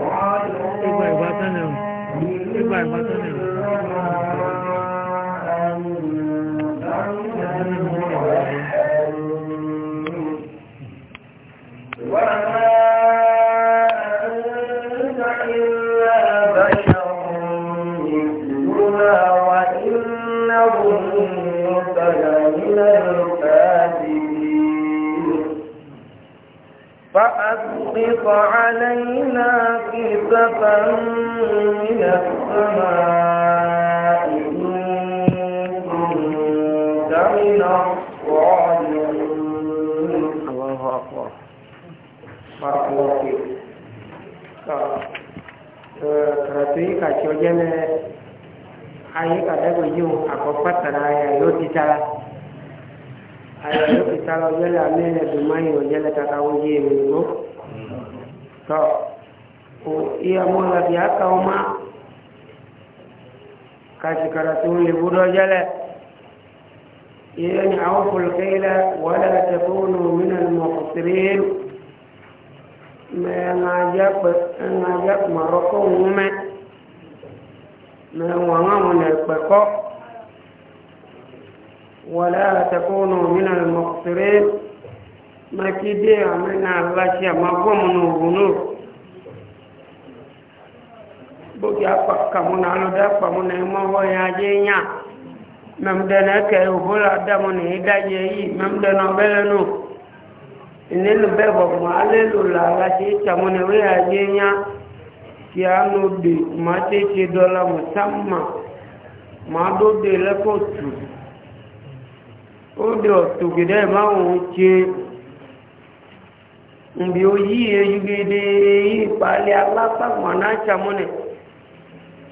E ìbátan ni o. Igba ìbátan وأسقط علينا كسفا من السماء كنت من الصالحين الله أكبر بارك الله فيك Keratu yi ka tso jɛ nɛ ayi ka dɛgɛ yi o akɔkpa tara yɛ yɔ ti tara. ọjọ́ lé alẹ́ ọjọ́ lẹ́ta káwọ́ yé èmi mọ́. tọ́ o iya mọ́lá bí aka ọmọ kàṣìkàrà tó lè búdọ́ jẹ́lẹ̀ ìyẹn àwọn fòlùkẹ́lẹ̀ wọ́lẹ̀ tẹ̀kọ́nù mìíràn mọ̀kùsìrín mẹ́ẹ̀ngàjá mọ̀rọ́kọ́ wúmẹ́ mẹ́wọ̀n àwọn ẹ̀pẹ̀kọ́ wọ́lẹ̀ tẹ̀kọ́nù mìíràn mọ̀kùsìrín makide amena alasi amagomunu oruno bogi apakamuna alode apamuna emoho ya je nya memdene ke obola adamuna je yi memdene obelenu inelu bebo ma alelu la alasi itamuna we ya je nya ti anu de ma tete dola musamma ma do de lekotu o de otugide ma won tse mgbe oyi eyugide ikpali na chamune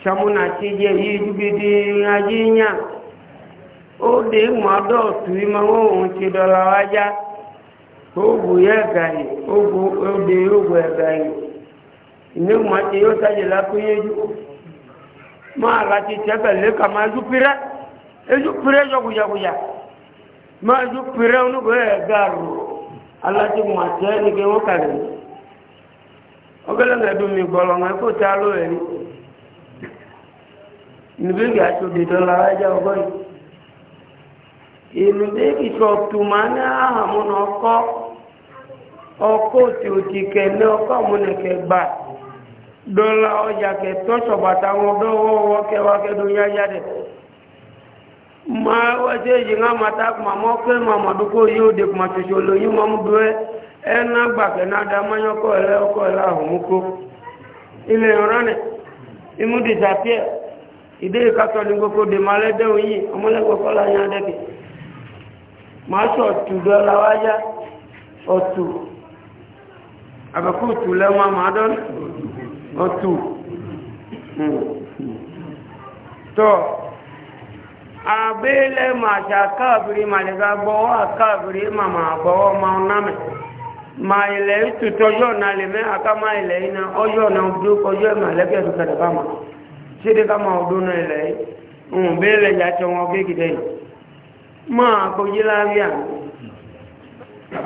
chamuna tije eyugide ajinya o de mọ́dọ̀ tù í mọ́ òun ti dọ̀la wájá o yẹ ode ogbò òde ogbò ẹ̀gàyè ìní mọ́ ti yóò sáyè lápé yéjú máa láti tẹ́bẹ̀ lé kà máa ju pírẹ́ ejú pírẹ́ Ma máa ju pírẹ́ onúgbò ẹ̀gà rò. aláti mú àtẹ nìgbẹ wọn kàlẹ ọgẹlẹngẹ dùn mí gbọlọ wọn kó tá ló rẹ di nìbíkì àti òdìdọ lára jẹ ọgọ yìí ìlú déèkì tu tùmá ní àhàmúnà ọkọ ọkọ òtì òtì kẹne ọkọ àmúnẹkẹ gbà dọlà ọjà kẹtọ sọbàtà wọn dọwọ wọkẹwàkẹdùn yáyá dẹ. ma waje yi nga mata kuma mo ke ma ma du ko yu de kuma to so lo yu ma mu due en na gba ke na da ma yo ko le o ko la hu mu ko ile yoro ne imu di ta pie ide ka to ni go ko de ma le de yi o mo le go ko la nya de ke ma so tu do la waja o tu aba ku tu le ma ma don o tu to hmm. hmm. abele masha kabri malega bowa kabri mama bowa mauname maile tutojo na leme aka maile ina ojo na udu ojo malege tukada kama sidi kama udu na ile umbele mm, ya chongo gigi tena ma kujila vya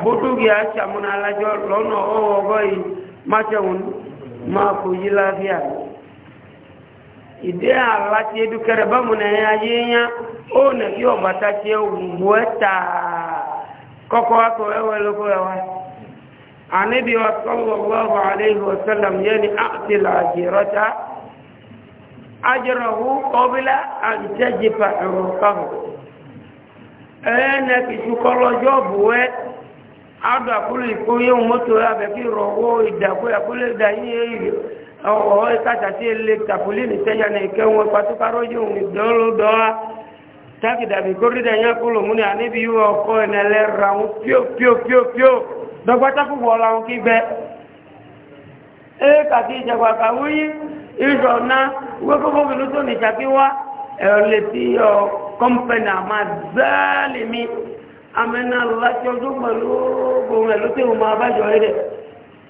butu ya chamuna lajo lono ogo yi macha un ma kujila vya ide ala ti edu kere ba mu na ya ye nya o na ki o mata ti e wu eta koko wa ko ewe lo ko wa anabi wa sallallahu alaihi wa sallam yani a'ti al-ajrata ajrahu qabla an tajifa uruqahu ana ki shukolo jobu we adu akulu ikoye moto ya be ki ọwọ́ ìkàtàtí ilé tàfulíni tẹ́yà ní ìkẹwọn pàtúkàrọ́ yóò ní dọ́lódọ́wà tákìdàbí kórìdà yẹn kúlò múni àníbi yíwọ ọkọ ìnẹlẹ ra wọn píòpíòpíò dọgbátákùwọ làwọn kí bẹ ẹ kàkí ìjàgbà kàwé ìjọ náà wíwọ́kọ́kọ́ mi ló tó ní wá ẹ̀rọ lè ti ọ kọ́mpẹ́nì àmà zẹ́ẹ̀lì mi àmẹ́nà láti ọdún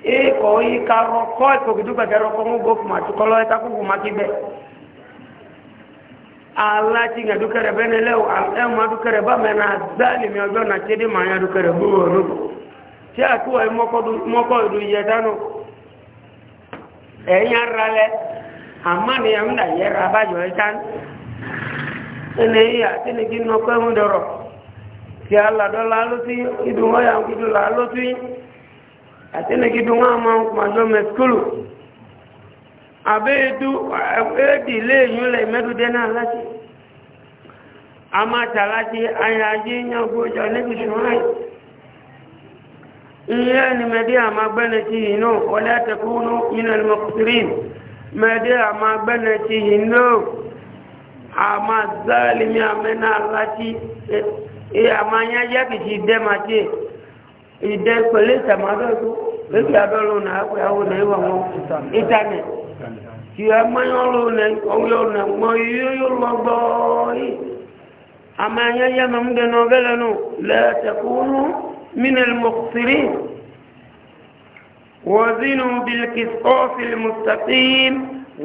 eko yi ka rɔkɔ ekokidugbɛ kɛ rɔkɔ ŋu bo kuma tukɔlɔ yi taku kuma ti bɛ ala ti ŋa dukɛrɛ bɛ ne lɛ o ɛma dukɛrɛ ba mɛ na gbali mi ɔjɔ na tse de ma nya dukɛrɛ bu o no tí a tó yi mɔkɔ du yɛ dánù ɛnya ra lɛ ama ni yam na yɛ ra ba yɔ yi e, tan ɛnɛ yi a ti ni ki nɔkɔ ŋu dɔrɔ tí a la dɔ la alo ti idu hɔ yan kudu la alo ti. àtẹnẹgidu wọn máa ma pa lọmọ skulu àbẹ́ẹ̀dú ẹ̀ẹ́dì léèyàn lẹ̀ mẹ́dúdẹ́ náà láti àmàtà láti ayáyé yàngbójọ níbi ṣùgbọ́n ìyẹ́ ni mẹ́dí àmà gbẹ́nẹ̀ tí yìí náà wọlé ma mineral mọ́kùtìrín mẹ́dí náà àmà ama nya ya ìyàmà yájá ma ìdẹ pẹ̀lú ìtàmádọ́tò lókè abẹ́rún náà pẹ̀ àwọn ọ̀nà ìwà wọn ìtànì kì í mọ́yán lónà ọ̀wẹ́ ọ̀nà mọ́ yóò yóò lọ gbọ́ọ̀ọ́yì àmà yẹn yẹn mọ̀ ń dẹnu ọbẹ̀ lẹ́nu lẹ́tẹ̀kúnú mínẹ́lì mọ̀kùsírì وزنوا بالقسطاس المستقيم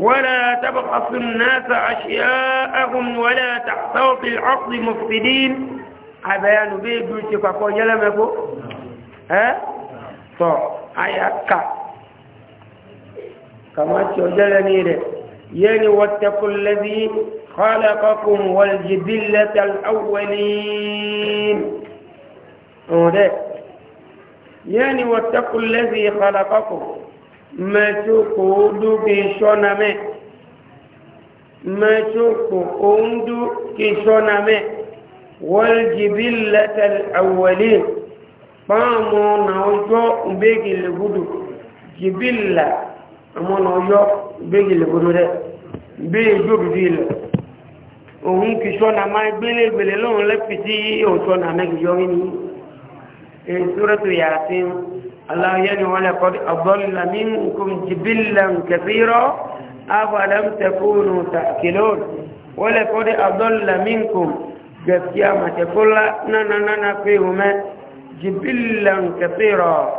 ولا تبخسوا الناس أشياءهم ولا تحتوا في العقد مفسدين أبيان بيدو شفاكو يلمكو ẹ́ tọ́ ayaka kàmá tí ó jẹ́lẹ̀ ní rẹ̀ yẹ́ ni wọ́n tẹ́kù lẹ́bí kọ́lẹ̀kọ́kùn wọ́n jìbí lẹ́tà awẹ́lì ọ̀rẹ́ yẹ́ ni wọ́n tẹ́kù lẹ́bí kọ́lẹ̀kọ́kùn mẹ́tò kò dúkì sọ́nà mẹ́ mẹ́tò kò dúkì sọ́nà mẹ́ wọ́n jìbí lẹ́tà awẹ́lì fáàmù na ọjọ́ ìgbégilè gudu jìbìlà àmọ́ na ọjọ́ ìgbégilè gudu rẹ̀ bí ìjọ òdúdú ilẹ̀ òun kì sọ́nà máa gbélé gbèlè lọ́run lẹ́pìtì yóò sọ́nà mẹ́gìjọ́ nínú ìṣúrẹ́tò yàtí aláyẹ́ni wọn lẹ́kọ́ ọ̀bọ́lá mímkùn jìbìlà kẹfìrọ́ afọ̀dám tẹkùnù جبلا كثيرا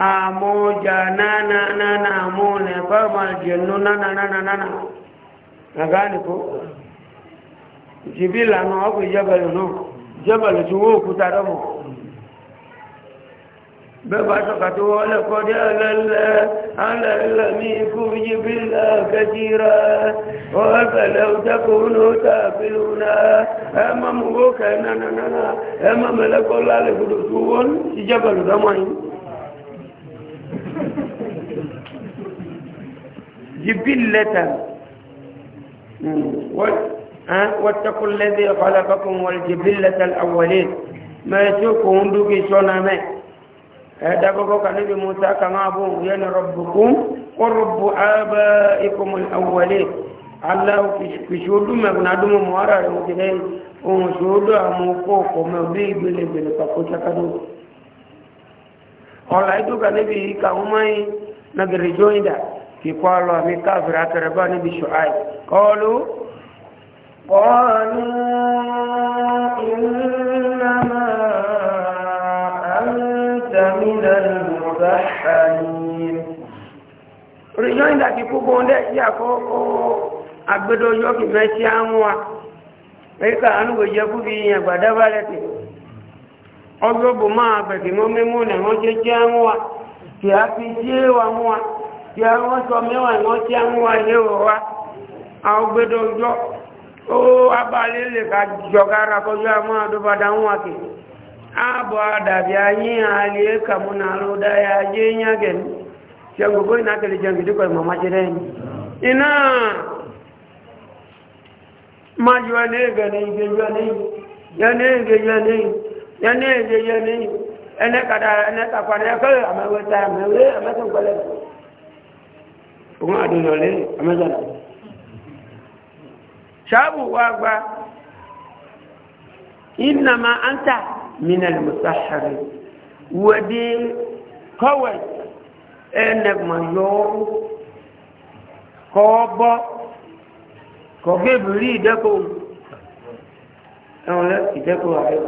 أموجا نانا نانا أمونا فما الجنة نانا نانا نانا نغانيكو جبلا نوكو جبل نو جبل جوكو ترمو ببعثك ولقد على لميكم جبلا كثيرا وفلو تكونوا تافلون أما مغوكا نانا أما ملك الله لفدسون جبل زمان جبلة واتقوا الذي خلقكم والجبلة الأولين ما يسوكم دوكي سنة دابا كان موسى كان ابو ين ربكم ورب ابائكم الاولين الله في شهود ما بنادم موارا مكدي ان شهود امكو كما بي بي بي فكوتا كدو ọ̀la ìdúgà níbi ìka ọmọye nàgẹ̀rẹ̀ jọ́ìdà fi kọ́ lọ àmì káfìrí akẹrẹbá níbi ṣọ́áì kọ́ọ̀lú kọ́ọ̀lú ìlú náà rìnyọ́ ìdá ti gbogbo ń dẹ́ sí àkọ́kọ́ agbẹ́dọ́jọ́ kì mẹ́ sí àwọn wa ẹ̀ríkà àánúgbò jẹ́ kú bí ìyẹn gbàdábà lẹ́tì ọjọ́ bò máa bẹ̀kì mọ́ mímú nẹ̀ wọ́n jẹ́ jẹ́ àwọn wa kì á fi sí àwọn wa kì á wọ́n sọ mẹ́wàá wọ́n sí àwọn wa ilé wọ̀ wa àwọn gbẹ́dọ́jọ́ ó abalẹ̀ lè ka jọ̀gára kọjú àwọn àdóbadà wọn wa kì ààbọ̀ àdàbí ayé àlè kàmúnà ló dáyà ayé yẹn gẹ̀ẹ́ ṣe gbogbo iná tẹ̀lé jẹun gidikọ̀ ìmọ̀ máa ṣe rẹ̀ iná máa yọ ẹni ẹgẹ̀ ní ìgbé yọ ní yẹni ẹgẹ̀ yọ ní yẹni ẹgẹ̀ yọ ní ẹnẹ́kàdà ẹnẹ́kàkọ́ ẹnẹ́kọ́ àmẹ́wẹ́ta àmẹ́wẹ́ àmẹ́tọ̀gbẹ́lẹ̀ òun àdúnyọ̀lẹ́ àmẹ́jọ̀lá ṣáàbù wá gba ìnàmà áńtà mínà lè mọ̀ sáà rẹ̀ wọ́dí ene mayo kobo koge buri deko awon le deko ayo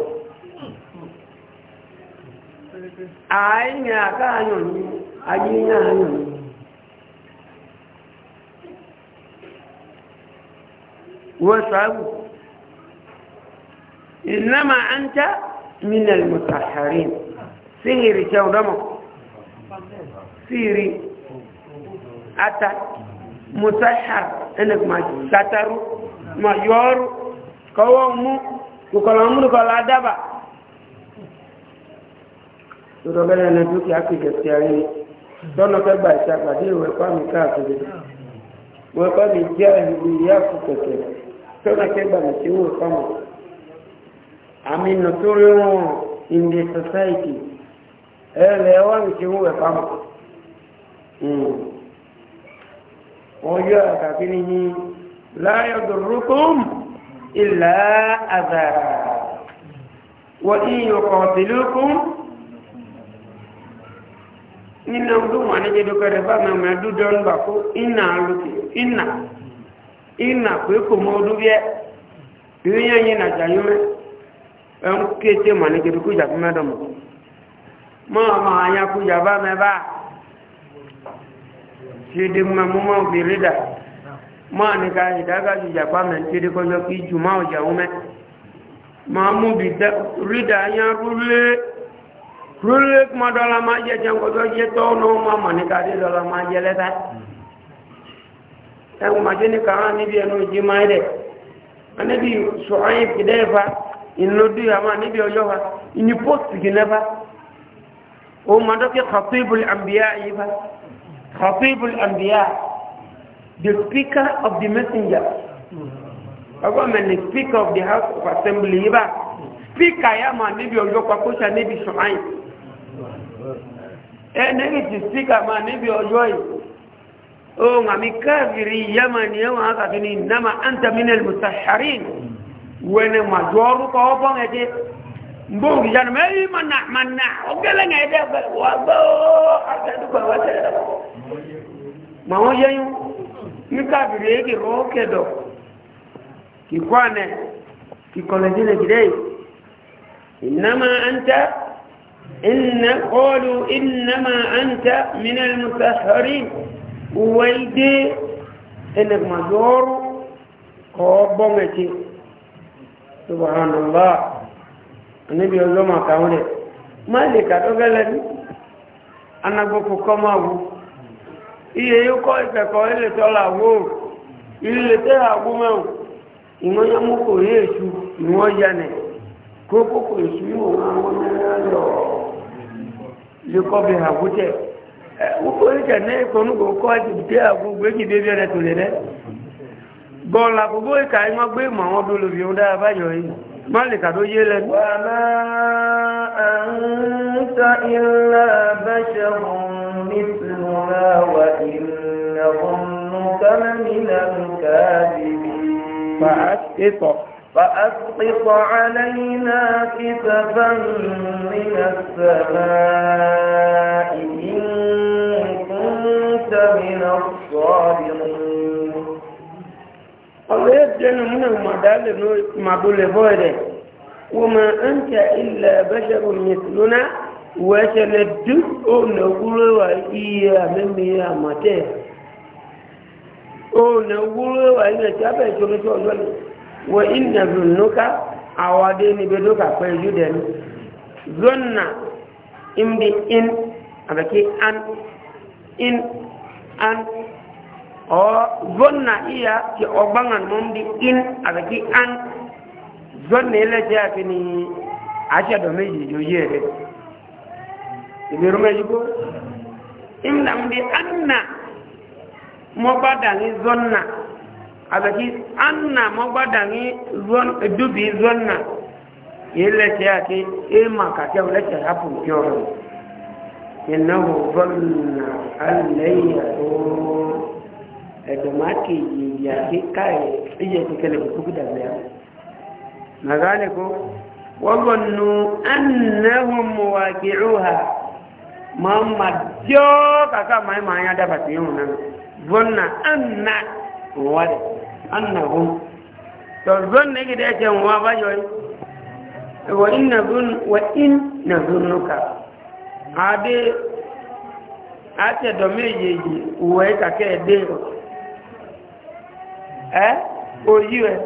a ni aka ayo ni ayi ni ayo ni wo sabu انما انت من المتحرين سهر شو دمك siri ata musahar ene ma sataru ma yoru kawo mu kukala mu kala daba toro bele na duki akije tiari dono ke ba isa ba de we pa mi ka ko de we pa mi je ni ya ku ko ke toro ke ba mi ti we pa mo ami no toro in the society ele wa mi ti we pa mo Hmm. wọ́n yọ àkàkí ni yín láyọ̀ dòrókùn ìlà àzàrà wọ́n ìyọ̀ kọ̀ọ̀tìlókùn nina huduma anajedokare bana madudon bako ina ina ina kweko modu bie yunya nyina jayume em kete mane kedu kuja kumadom ma ma anya kuja ba me ba ṣede ma ọ máa fi rí dà máa ní ká ìdágájú ìjàpá mẹ́ ṣede kọjọ kí jù máa ọjà wọn mẹ́ máa mú bí rí dà rúlé rúlé kuma dọ́là máa jẹ jẹun kọjọ jẹ tọ́ náà máa mọ̀ dé máa jẹ ní níbi ẹnu máa sọ̀rọ̀ níbi ọjọ́ pósìtì fa Khatibul Anbiya, the speaker of the messenger. Government the speaker of the House of Assembly. Speaker yama níbi ọjọ́ pakóṣà níbi ṣùmáì. Ẹ níbi ti speaker ma níbi ọjọ́ yìí. Ohun àmì káàkiri yama ni ẹwọ̀n akàkiri nama antaminal musaharin. Wẹ́nẹ̀ màjọ́ orúkọ ọgbọ́n ẹ̀dẹ́ mbongi jana mai mana mana ogele ngai de wabo ata du kwa wata mawo yayu nika bire ki roke do ki kwane ki kolejine gidei inama anta inna qalu inma anta min almutahharin uwaide enak madoru ko bongeti subhanallah níbi ọjọ́ máa kàwọn rẹ̀ má lè iye yóò kọ́ ka ilé tọ́lá wò ilé tẹ́lá wò mẹ́wò ìwọ́n yá mú kò yé èṣù ìwọ́n yanẹ̀ kó kókò èṣù yóò àwọn ẹ̀rọ lẹ́kọ́ bí àwùjẹ wọ́pọ̀ ìjẹ̀ ní ìkọ̀nùkọ̀ kọ́ àti dé àgbègbè kì bébí ẹ̀rẹ̀ مالك هذا يلن وما أنت إلا بشر مثلنا وإن ظنك لمن الكاذبين فأسقط فأسقط علينا كسفا من السماء إن كنت من الصادقين ọ̀rọ̀ ẹ̀dẹ́nu múnà mọ̀dálẹ̀ màbúlẹ̀ bọ́ọ̀dẹ̀ wọ́n ma ń tẹ ilẹ̀ bẹ́ṣẹ̀rù mìtìlúnà wẹ́ṣẹ̀lẹ̀ dú ọ̀nà wúlò wà iye àmẹ́mí àmọ̀tẹ́ ọ̀nà wúlò wà ilẹ̀ tí a bẹ̀ tó lóṣù ọ̀dọ́ ni wọ́n ìnà lùnúkà àwọn adé níbi lókà pẹ́ ju dẹ̀nu zọ́nà ìmdi in àbẹ̀kí an in an o zonna iya ki o bangan mum di in aga ki an zonne le ja ki ni acha do me yi joye re ibi rume yi ko imna mbi anna mo badangi zonna aga anna mo badangi zon dubi zonna yele ja ki e ma ka ja le ja hapu joro innahu zanna an la yaqul edomake yake kai iya tikele kukuda ya nadhani ko wadannu annahum waqi'uha mamma jo kaka mai mai ada bati yuna dhanna anna wa annahum to dhanna gida ce wa ba yoyi wa inna dhun wa in nadhunuka ade ate domeje yi uwe kake de ẹ́ òyí rẹ̀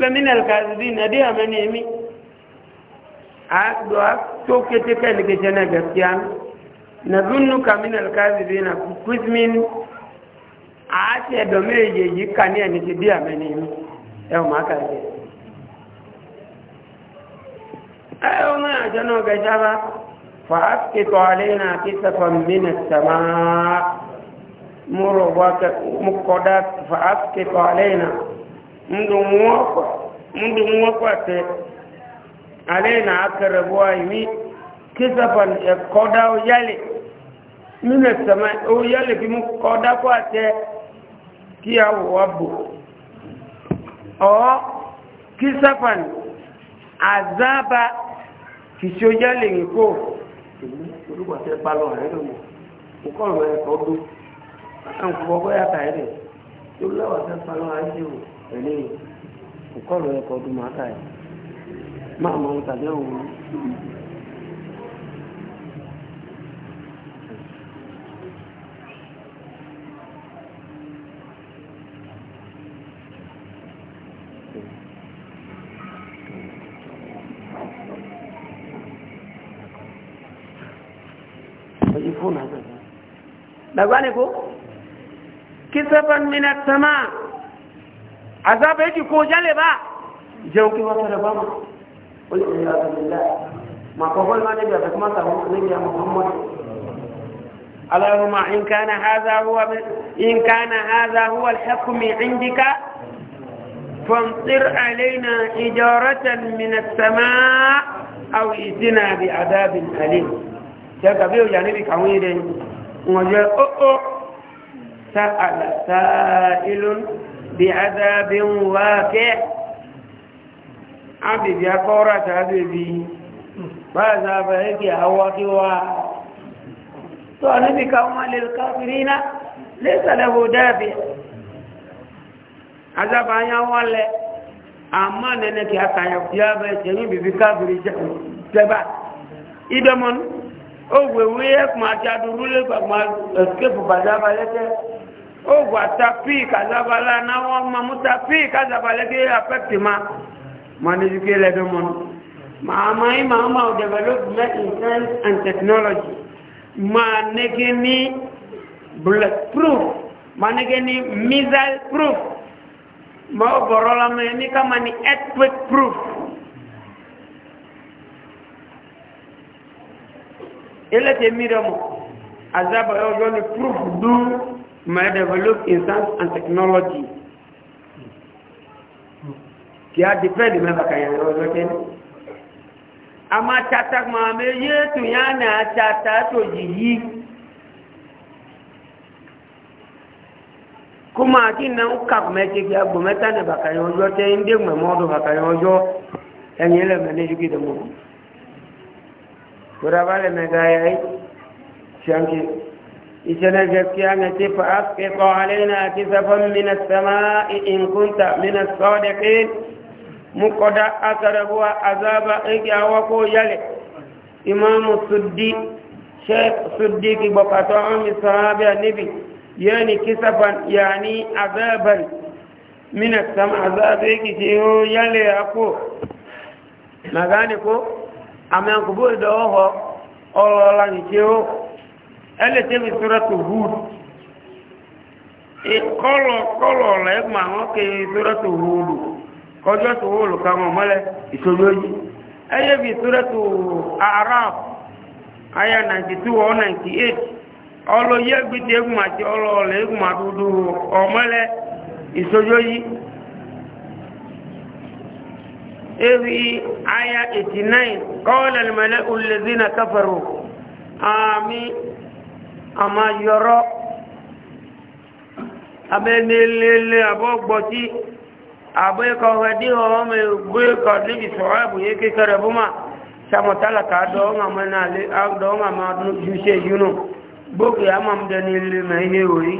lẹ́mínẹ̀lì kàzìdì nàdí àmẹ́ni èmi àádọ́ tó kété kẹ́lìkẹ́ṣẹ́ náà gẹ̀ẹ́sìá nàdúnnù kàmínẹ̀lì kàzìdì nà kùsmin àti ẹ̀dọ̀ méje yìí kà ní ẹni ti dí àmẹ́ni èmi ẹ̀ ọ̀mà kàzìdì ẹ̀ ọ̀nà àjọ náà gẹ̀ẹ́sàbá fàákìtọ̀ àlẹ́ náà kí sẹ́fọ̀ mí murobaka mukoda faafke kwa alaina mdu mwakwa mdu mwakwa te alaina akarabuwa imi kisafan koda yale mine sama o yale bi mu koda kwa te ki awo wabu o kisafan azaba fiso yale nko olùgbàtẹ́ palọ̀ rẹ̀ lọ́wọ́ òkọ́ ọ̀rọ̀ ẹ̀kọ́ àǹkùbọ̀ bóyá kàìrè tó lọ́wọ́ fẹ́ fa lọ́wọ́ àìsíwò pẹ̀lú ìkọlù ẹ̀kọ́ ọdún máa kàì máa mọ ohun tàbí òun. Bàbá ni kò. كسفا من السماء عذاب هيك كوجل با جوكي وكر بابا قل رب بالله ما قبل ما نجي بس ما يا محمد اللهم إن كان هذا هو إن كان هذا هو الحكم عندك فامطر علينا إجارة من السماء أو ائتنا بعذاب أليم. شاكا يعني بيو جانبي كويرين وجاء أو أو سأل سائل بعذاب واقع عبد يا قورة بي ماذا بهيك هواك وا صاحبك وما للكافرين ليس له دافع عذاب عن يوال أما ننك أكا يابا يتنين بفكافر جبا إدمون من أو ويك ما جادروا لك ما أسكف بذابا لك ogun atapi kazabala na wọn ma mutapi kazabala ke affect ma manijuke lẹdọ mọ maama yi maama o development in science and technology ma nege ni proof ma nege ni missile proof ma o bọrọ la ma ni kama ni earthquake proof. ele te mi dẹ mo azaba yọ yọ ni proof do. My develop in science and technology kí a depend mẹ́fà kàyàn ọjọ́ tẹ́lẹ̀ a máa chatak máa méjì ètò yá náà chata tó yìí kó máa kí náà ń kàp mẹ́tẹ́ kí a gbò mẹ́ta ní bàkàyàn ọjọ́ tẹ́ ń dé mẹ́mọ́ ọdún bàkàyàn ọjọ́ ẹ̀yìn ẹlẹ́mẹ́ ní ṣúgbì dẹ̀mọ́ gbọ́dọ̀ bá lẹ́mẹ́ gáyà ẹ́ ṣe ń kí إجلجت كانت فأسقط علينا كسفا من السماء إن كنت من الصادقين مقدا أسربوا عذاب إجا وكو يلي إمام السدي شيخ صديق بقطع من صحابة النبي يعني كسفا يعني عذابا من السماء عذاب إجا يلي أكو مغاني كو أما ينقبوا دوه أولا نجيوه ẹlẹ́tẹ́ mi sọ́ra tó hud kọ́lọ̀ e kọ́lọ̀ rẹ̀ mà wọ́n ké sọ́ra tó hud kọjọ́ tó hud káwọn mọ́lẹ̀ ìṣòro yìí ẹyẹ mi sọ́ra tó arab aya ninety two or ninety eight ọlọ́yẹ gbìdì eguma àti ọlọ́ọ̀lẹ̀ eguma dúdú ọmọlẹ̀ ìṣòro yìí ewi aya eighty nine kọ́lẹ̀ lẹ́mẹ̀lẹ́ olùlẹ́sìn náà káfẹ́rù àmì àmà yọrọ abẹ́nilélé abọ́gbọ́tí abẹ́kọ̀ọ́díhọ́ ọmọ ìgbékọ̀ níbi sọ̀rọ̀ àbúyé kékeré bó máa sàmọ̀tálàkà àdọ́ọ̀mà máa ju ṣe yúnú gbókè àmàmdẹ́nilé mẹ́hẹ́ orí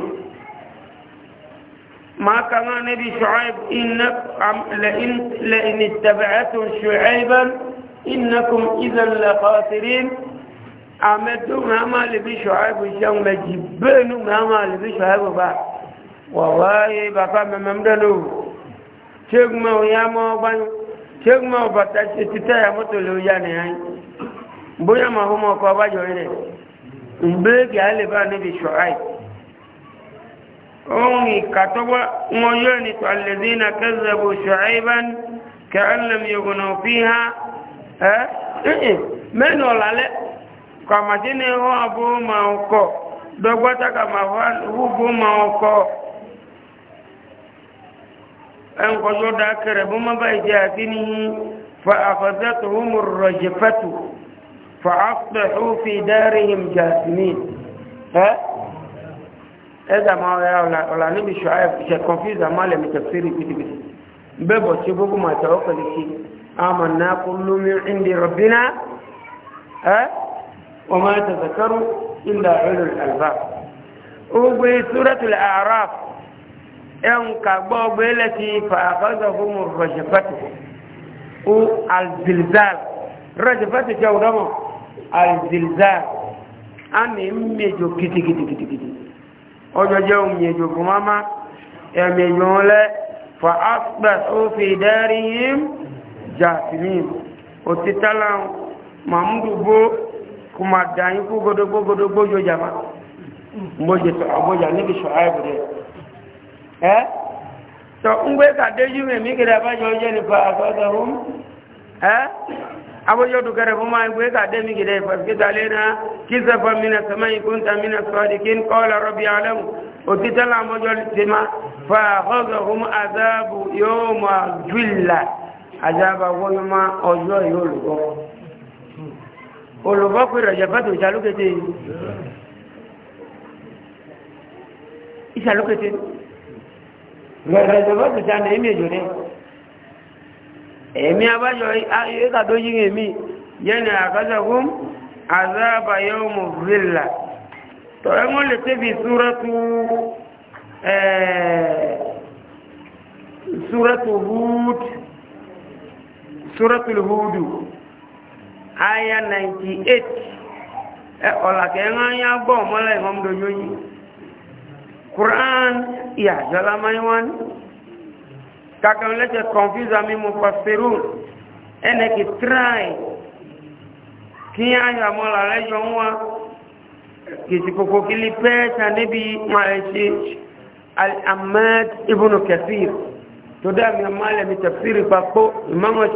ما كما نبي شعيب إنك لئن, لئن اتبعتم شعيبا إنكم إذا لخاسرين àmẹ́tò mẹ́hàmà lè bí ṣọ̀háìbù ṣẹ́hùn mẹ́jì bẹ́ẹ̀nù mẹ́hàmà lè bí ṣọ̀háìbù bá wọ̀wọ́ yé bàbá mẹ́mẹ́mdẹ́lò ṣégúnmọ́ ya mọ́ báyú ṣégúnmọ́ bàtà ṣe ti tẹ́yà mọ́tò lè yá lè ṣọ̀háìbù ohun ìkàtọ́wọ́ wọn yóò kàmàtí ni wọ́n abó máa ń kọ́ dọ́gbọ́ta kàmàwá wúgbó máa ń kọ́ ẹnkọ́jọ́ dá kẹrẹ bó má bá ìjẹ́ àti ní fa àfẹ́sẹ́tò húmù rọ̀jẹ̀ fẹ́tù fa àfẹ́sẹ́tò fi dárihim jasmin ẹ́ ẹ́dà máa ọ̀yá ọ̀là níbi ṣọ́ẹ́ ṣe confuse àmàlẹ̀ mìtẹ̀sírì pìtìpìtì bẹ́ẹ̀ bọ̀ gbogbo màtà ọkọ̀ lè ṣe àmà náà kó lómi ìndì وما يتذكر إلا أولو الألباب وفي سورة الأعراف ينقبوا بالتي فأخذهم الرجفة والزلزال رجفة جورما الزلزال أمي ميجو كتي كتي كتي كتي أجو جو ميجو كماما يميجو له فأصبحوا في دارهم جاثمين وتتلعوا ممدو بو kuma da yi ku godo godo gojo jama mboje to aboja ne bi so ay bude eh to ngwe ka deju me mi kira ba joje ni fa asadahum eh abojo du kare kuma ngwe ka de mi kira fa kitalena kisafa min as-samai kunta min as-sadiqin qala rabbi alamu وكتل عمجل سما فأخذهم عذاب يوم الجلة عذاب يوم أجل يلقى olùkọ́ pé rọ̀jẹ̀ fẹ́tò ìṣàlókété ìṣàlókété rọ̀jẹ̀ fẹ́tò ìṣàlókété èmi èjò ní èmi abájọ ìkàtó yí èmi yẹ́nì àkọ́sọ̀kún azábayọ́ mọ̀vílà tọ́rẹ́ mọ́ lè tẹ́bi súrọ́tù súrọ́tù aya 98 ẹ ọ̀là kẹ́ńgá yá gbọ́ ọmọlẹ́ ìmọ̀mdò yóyí quran ìyà jọlá maíwán kàkàn lẹ́tẹ̀ confuse àmì mo pàṣẹrù ẹnẹ kì try kí ayọ̀ àmọ́là lẹ́yọ̀ ń wá kìsìkòkò kí lè pẹ́ ta níbi máa ṣe al-ahmad ibn kafir tó dá mi ọmọ alẹ́ mi tafsiri papọ̀ ìmọ̀mọ̀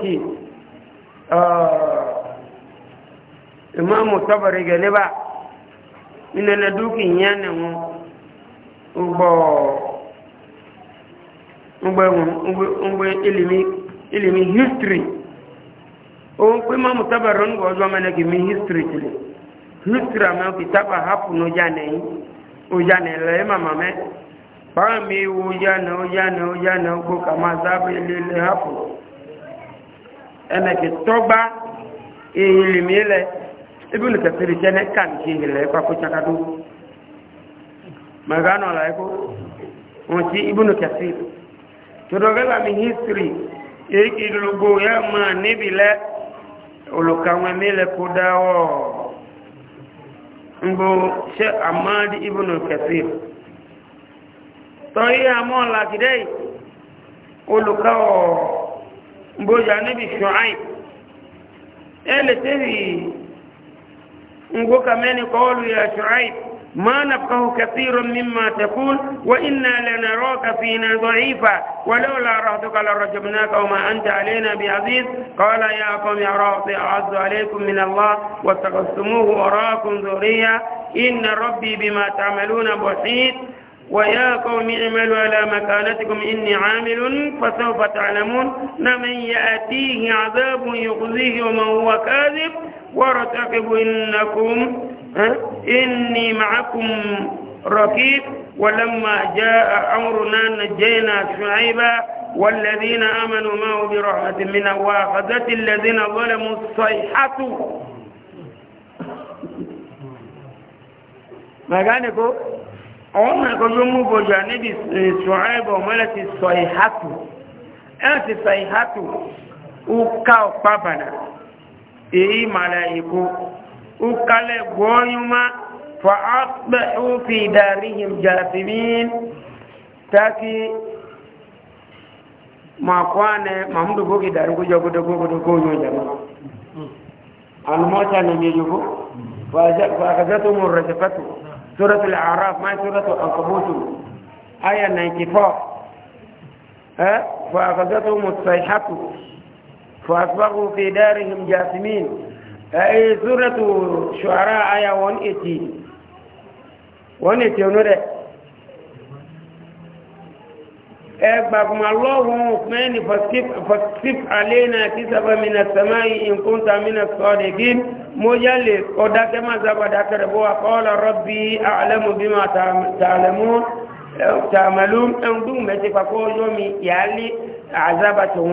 imamu tabari gani ba ina na dukin yana mu ugbo ugbo ilimi ilimi history ohun pe imamu tabari ń gọ́ọ̀zọ́ mẹ́lẹ̀ kì mí history tilẹ̀ history àmọ́ kì hapu hapù ní ọjà nẹ̀yìn ọjà nẹ̀lẹ̀ ẹ̀ màmá mẹ́ báwọn mi wo ọjà nẹ̀ ọjà nẹ̀ ọjà nẹ̀ gbogbo kàmá sábẹ́ ilé ilé hapù ẹnẹ̀kì tọ́gbá ìlìmí lẹ̀ ibn kasiri tene kan kihile kwa kuchakadu magano laiko onti ibn kasir tudogela mi history eki lugo ya ma nibile ulukamwe mile kudawo mbo she amadi ibn kasir toyi amola kidai ulukawo mbo ya nibi shuaib ele tevi نقول من قول يا شعيب ما نفقه كثيرا مما تقول وإنا لنراك فينا ضعيفا ولولا رهتك لرجمناك وما أنت علينا بعزيز قال يا قوم رهطي أعز عليكم من الله واستغصتموه وراكم ذرية إن ربي بما تعملون بحيط ويا قوم اعملوا على مكانتكم إني عامل فسوف تعلمون لمن يأتيه عذاب يخزيه ومن هو كاذب وارتقبوا إنكم إني معكم رقيب ولما جاء أمرنا نجينا شعيبا والذين آمنوا معه برحمة منا وأخذت الذين ظلموا الصيحة ما قال ọwọ́n mẹ́rin kan ló mú bọ̀jọ̀ níbi ṣùgbọ́n mẹ́lẹ̀ ti sọ ìhátù ẹ̀rọ ti sọ ìhátù uka ọ̀pá bàdà èyí màlẹ̀ èkó ukalẹ̀ gbọ́nyúmá fọ ọ́pẹ́ òfin ìdarí jàfìmín tákì makwane mamudu bogi dari ko jogo dogo ko dogo nyo jama al mota ne nyogo fa ja fa kazatu murrafatu سورة الأعراف ما سورة الأنكبوت آية 94 أه؟ فأخذتهم الصيحة فأصبحوا في دارهم جاثمين أي سورة الشعراء آية 180 180 ونرى ẹgbàgbọ́n lọ́wọ́n mẹ́ni fasif alẹ́nà tí sábà mìíràn sàmá in kún ta mìíràn sọ́ọ̀dẹ̀ gí mo yá lè kọ́dá kẹ́mà sábàdá kẹrẹ̀bọ́ àkọọ́lọ̀ rọ́bì àlẹ́mù bí ma tààlẹ́mù tààmàlú ẹ̀ndùn mẹ́tí pàkó yọmi yálé àzába tòun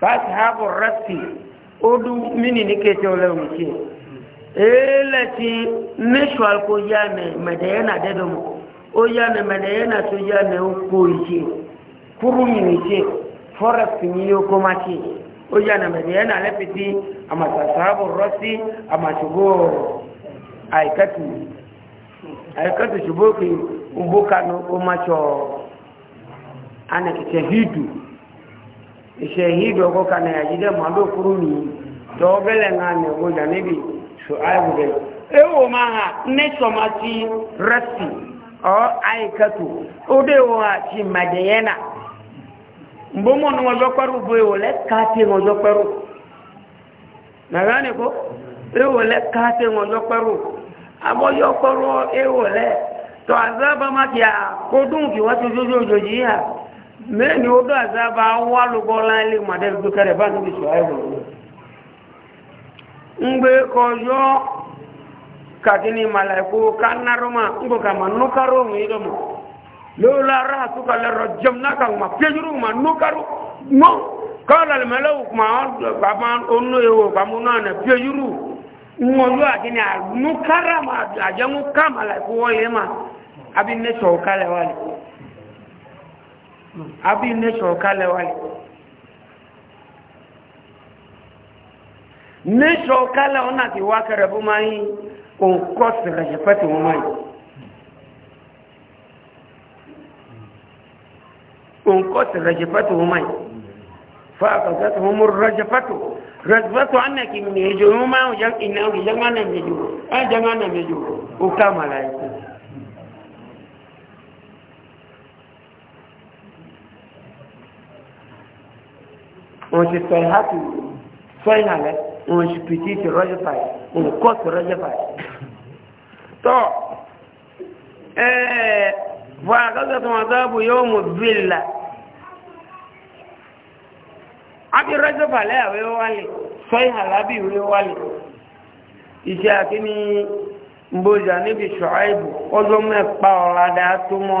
fàtàbù rẹ́sì odú mini ní kéte ọlẹ́wọ̀n ṣe èèlẹ̀ ti dedo mu, yá mẹ́ mẹ́dẹ̀yẹ́nà dẹ́dọ̀mù ó yá mẹ́ mẹ́dẹ̀yẹ́nà tó yá mẹ́ okó ìṣe kúrú yìí ṣe fọ́rẹ́sì ní okó má ṣe ó yá mẹ́ mẹ́dẹ̀yẹ́nà lẹ́pẹ̀tì àmàtàtàbù rẹ́sì àmàṣùgbọ́ àìkẹ́tù àìkẹ́tù ṣùgbọ́n kì í ń bó kanú ó má ṣọ anẹ̀kẹ̀kẹ̀ hídùú ìṣẹ̀yìndì ọkọ̀ kanẹ̀ àjíjẹ́ màdó kúrú nìyí tọ́ bẹ́lẹ̀ ńlá ní na jà níbi ṣò áìwùdẹ̀ ewu ma ha nẹ́sọ̀ ma ti rẹ́sì ọ́ àìkẹ́tù ó dé wọ àti màdìyẹ́nà mbọ́mọ́ ní ọjọ́ pẹ́rù bó ewu ewu mẹ́ni ó dọ̀ àzába wà lóbọ́ láìlé màdẹ́lú tó kẹrẹ bá níbi ṣọ́ ẹ̀wọ̀ ń gbé kọjọ́ kàkíní màláìkó kánárọ́mà ń gbọ́ kà mà núkárò ń ara jẹun náà kà mà péjúrú mọ́ kọ́ọ̀lá lẹ́mẹ́lẹ́wò bàbá onú ewu bàmú náà nà àkíní àjẹmú wọlé mà àbí kálẹ̀ wálé. abi nation kalẹ̀ wáyé nation kalẹ̀ ọ̀nà ti wá kẹrẹ bó máa yí òun kọ́ sílẹ̀ ṣẹ̀fẹ́ tí wọ́n máa yí òun kọ́ sílẹ̀ ṣẹ̀fẹ́ tí wọ́n máa yí fáàkàtà tí wọ́n mú rẹ̀ṣẹ̀fẹ́tò rẹ̀ṣẹ̀fẹ́tò anẹ́kì mẹ́jọ wọ́n máa ń jẹ́ ìnáwó ìjẹ́gbánà mẹ́jọ òkà màláìkù on se fait hâte finale on se petit se rejepai on court se rejepai to eh wa kaza to azabu yawm dhilla abi rejepa le awe wale finale abi níbi ṣọ̀áìbù ọdún mẹ́pa ọ̀làdá tó mọ́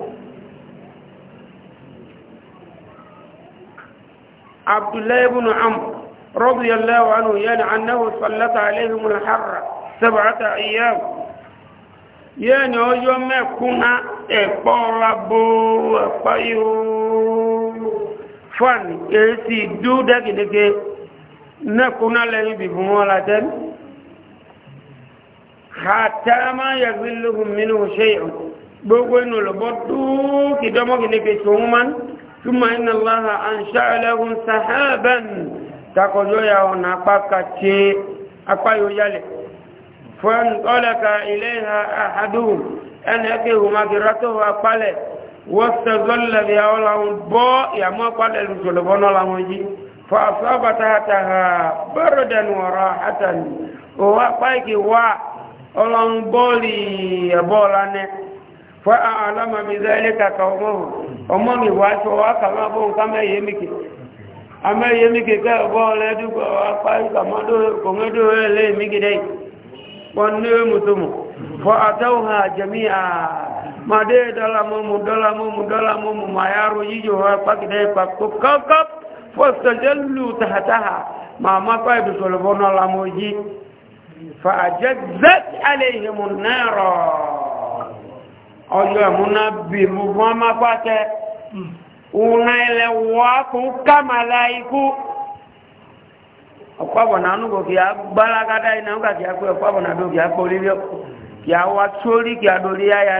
عبد الله بن عمرو رضي الله عنه يعني أنه سلط عليهم الحر سبعة أيام يعني يوم كنا إقربوا فيو فان إيسي دودا كده نكونا لهم بفمولة حتى ما يغلهم منه شيء gbogbo inú lọ́bọ́ tó kìdọ́mọ́ ní pẹ̀sùn wọn ثم إن الله أنشأ لهم سحابا تقول يا ونقاك تي أقايو يلي فانطلق إليها أحدهم أن يكيه مجرته أقاله واستظل بها ولهم بو يا ما قال المسلمون لهم جي فأصاب تحتها بردا وراحة وقايك وا ولهم بولي بولانه فأعلم بذلك قومه ọmọ mi wá aṣọ wá kàmá bó nǹkan mẹ́yẹ mìkì amẹ́yẹ mìkì kẹ́ ọgbọ́ ọlẹ́dúgbọ́ apá ìkàmọ́dó kòmọ́dó ẹlẹ́ mìkì dẹ́ pọ́n ní mùtòmù fọ́ àtẹ́wọ̀n àjẹmí àmàdé dọ́làmọ́mù dọ́làmọ́mù dọ́làmọ́mù màyàrú yíyọ apákìdẹ́ ìpàkó kọ́kọ́ fọ́sọ̀jẹ́lù tàhátàhà màmá pa ìdùsọ̀lọ́ bọ́nà làmọ́jì una ile waku kama laiku ọ̀pọ̀ na anúgbò kí a gbálágádá iná ńgbà kí a kú na bí kí a kó orí kí a wá sórí kí a dorí ayá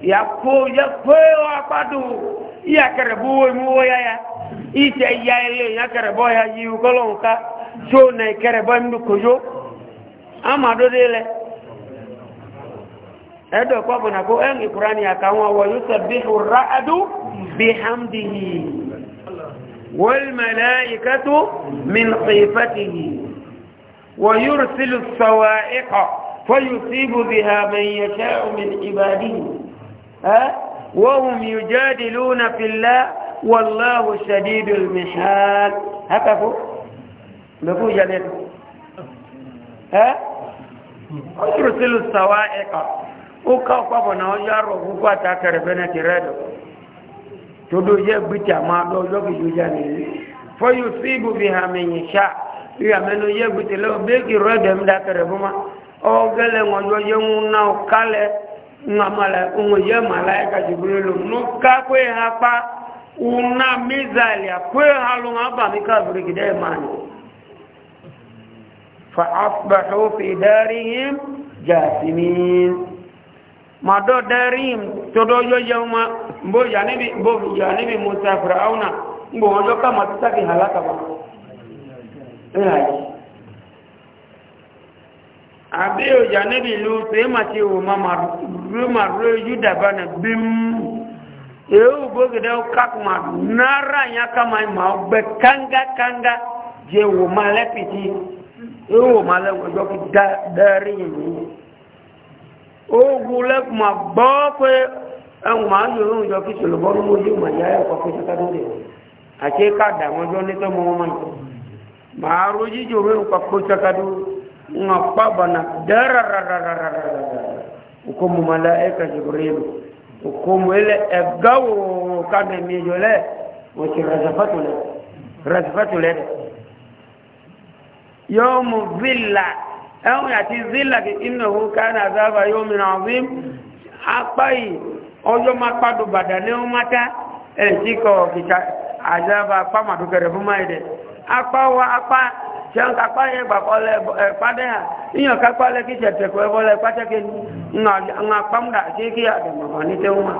kí a yẹ pé kẹrẹ bú wo imú yáyá ilé kẹrẹ bọ́ ya yíu kọ́lọ́hùn ká tó nà bọ́ ادو كوبو نكو ان القران يا كان ويسبح الرعد بحمده والملائكه من خيفته ويرسل الصواعق فيصيب بها من يشاء من عباده ها وهم يجادلون في الله والله شديد المحال هكفوا نقول يا ها يرسل الصواعق ụka bụ na onye arụ ọgwụgwụ ata kere benetire dụ todo yẹ gbìtì àmọ́ adọ́ lọ́bì yóò nìyí fọyọ sí ibùbí ha mẹyìn ṣá ìyá mẹnu yẹ gbìtì lọ́wọ́ bẹ́ẹ̀kì rẹ́dẹ̀ ń dákẹrẹ ma ọgẹlẹ wọn yọ yẹ ń ná ọ kálẹ̀ ńàmàlà ń yẹ màlà ẹ̀ka jìbìrì lò ń ká pé ha pa ńnà mísàlì pé ha ló ń bá mi káàbìrì kìdá ẹ̀ máa nì. fa ma do darim to do yo eh, yo ma bo ya ni bi bo ya ni bi musa fir'auna bo yo ka ma ta ki halaka ba ilahi abi o ya ni bi lu te ma ti o ma ma ru ma ru yu da ba na bim e o bo ge da o ka ma na ra ya ka ma ma o be kanga kanga je o ma le piti o ma le o yo ki da darim ogun lẹ́kùnmà gbọ́ gbaa ẹ̀hùn máa ń yòrò ìjọ kí ṣòlò bọ́ lórí ojú ìmọ̀ ìyá ẹ̀kọ́ fún ndị kádó rẹ̀ àti káàdà àwọn ọjọ́ ní tọ́mọ wọn mọ̀ máa ro jíjò rẹ̀ ń papò ṣe ẹ̀hún àti zila ìnáwó káàdà zába yóò mìíràn ọ̀fíìm apá yìí ọjọ́ máa pàdù bàdà ní ó mátá ẹ̀ sí kọ̀ kìkà àzába apá màdùkẹ̀rẹ̀ fún máa dẹ̀ apá wa apá sẹ́wọ́n kápá yẹn gbàkọ́ lẹ kápá lẹ kí ṣẹ̀tẹ̀kọ́ sí kí ní tẹ́wọ́n mà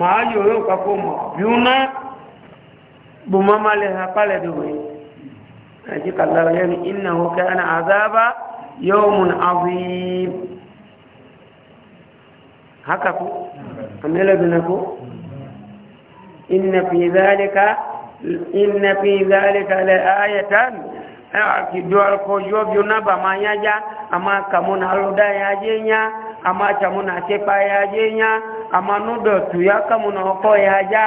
máa yóò kápó mọ̀ lẹ apá lẹ yẹn ìnáwó kẹ́ yawmun azim haka ku amela bina ku inna fi dhalika inna fi dhalika la ayatan akidu ba byona ya ama kamuna ya yajenya ama chamuna ya yajenya ama nudo tu yakamuna oko yaja ya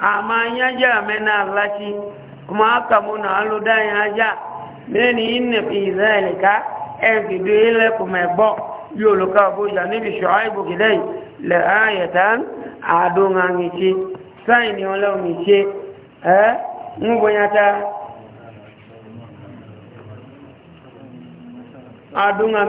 amanya ja mena lati kuma aka muna alu dan haja meni inna fi zalika en fi dile kuma bo yolo ka bo ja ni bi shuaibu gidai la ayatan adunga ngichi sai ni ola ngichi eh ngubo nyata adunga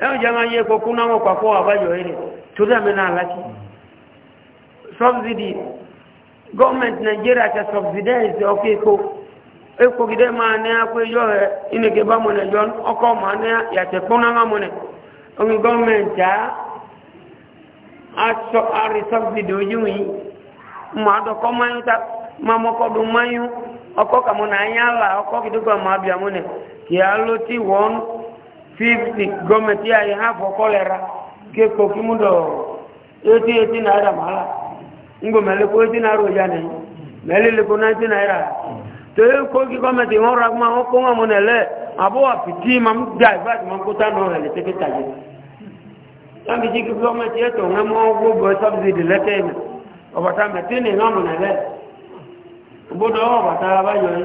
ẹ̀hùn jẹ́ máa yẹ kọkún náà wọ́n pàpọ̀ àbáyọ ẹ̀rẹ̀ torí àmì náà láti subsidy government nigeria ṣe subsidize ọkọ̀ epo epo gidẹ́ máa ní apẹ́jọ́ ẹ̀ inúkẹ́ bá ọkọ̀ máa ní náà government subsidy ta máa ọkọ̀ àlà ọkọ̀ fifty gọọmenti anyị ha bụ kọlera gekpo kimudọ eti eti naira mala ngo melekwa eti naira ụja na melelekwa ninety naira to ekwo gị gọọmenti nwụrụ e agụma ọkpọ nwa mụ na-ele abụọ piti ma m divat ma mkpụta na ohele tekịta gị ya bụ iji gọọmenti eto nwe m ọgwụ bụ sọbsidi leta ime ọbata metin na ịnọ m na-ele obodo ọbata abayọ ya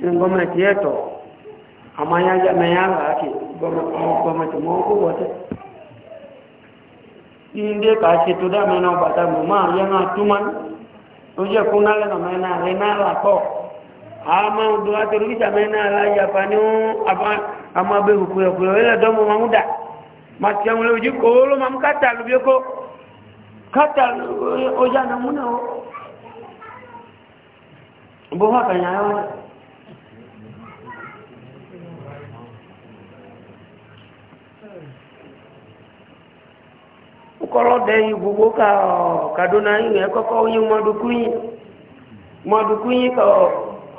gwamnati ya to amma ya ga mai yara ake gwamnati ma ko wata in dai ka ce to da mai na ba ta mu ma yana tuman o je ko na le na mai na le na la ko ama do ate ru isa mai na la ya pa ni aba ama be ku ku ele do mo mamuda ma ti amu le ji ko lo mam kata lu bi ko kata o ja na mu na o bo ha ka nya yo ụkọrọ dee igwugbo ka kaduna ihe kọkọ onye mmadụkwunye mmadụkwunye ka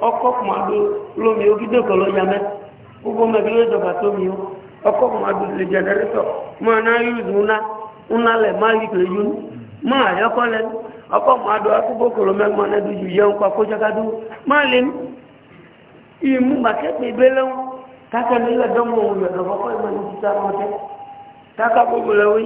ọkọkmadụ lomi ogide kọlọ ya mee ụgbọ megide dọbata omi ọkọkmadụ le jeneretọ ma na kọlọ mẹgbọn na duju yẹ lè m ìmú bàtẹ́pẹ̀ ìbẹ́lẹ́wọ̀n kákẹ́ nílẹ̀ dọ́mọ̀ òun yọ̀dọ̀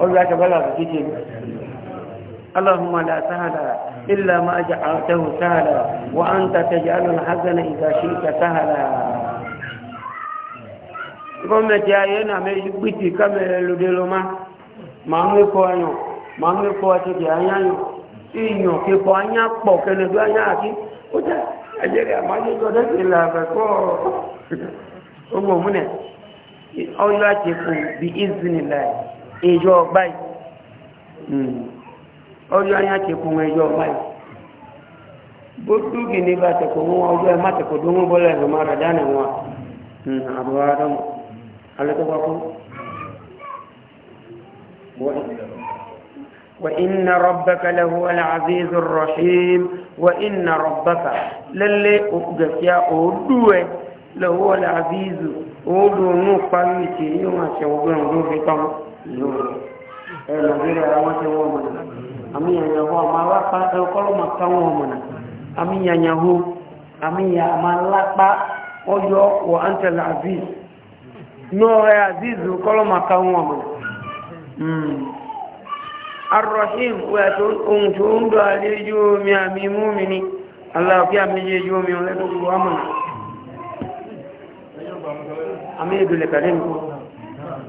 أولاك بلغ كتب اللهم لا سهل إلا ما جعلته سهلا وأنت تجعل الحزن إذا شئت سهلا كما جاءنا من يبتي كما لدلما ما نكو أنيو ما نكو أتجي أنيو إنيو كيكو أنيا كبو كنبو أنيا أكي وجاء أجري ما يجو دك إلا فكو أمو منه أولاك يكون بإذن الله ìjọ ọgbà yìí hmm. ọjọ́ ayá ti kún ẹjọ ọgbà yìí gbogbo gini bá tẹ̀kọ̀ wọn ọjọ́ ẹ má tẹ̀kọ̀ tó wọ́n bọ́lá ẹ̀rọ máa ràdá nì wọn hmm, àbúrò adamu alẹ́tọ́gbà kú. وإن ربك لهو العزيز الرحيم وإن ربك للي أقدس يا أودوه لهو العزيز أودوه نقبل يتيوم أشوفه نقول في طمع ẹ nàìjíríà àwọn tẹ wọ́n mọ̀nà àmì ìyànyàwó àmà alápá ẹ ọkọ́lọ́ mà ká wọ́n mọ̀nà àmì ìyànyàwó àmì ìyà àmà alápá wọ àǹtẹ̀lẹ̀ aziz náà ẹ aziz ọkọ́lọ́ mà ká wọ́n mọ̀nà. arrohim wẹ́ẹ̀tọ́ ohun tó ń dọ̀ àlejò mi àmì mú mi ni aláàfíà méjèèjì omi ọ̀lẹ́dọ̀gbọ̀ àmọ̀nà àmì ìdùlẹ̀ nìkan.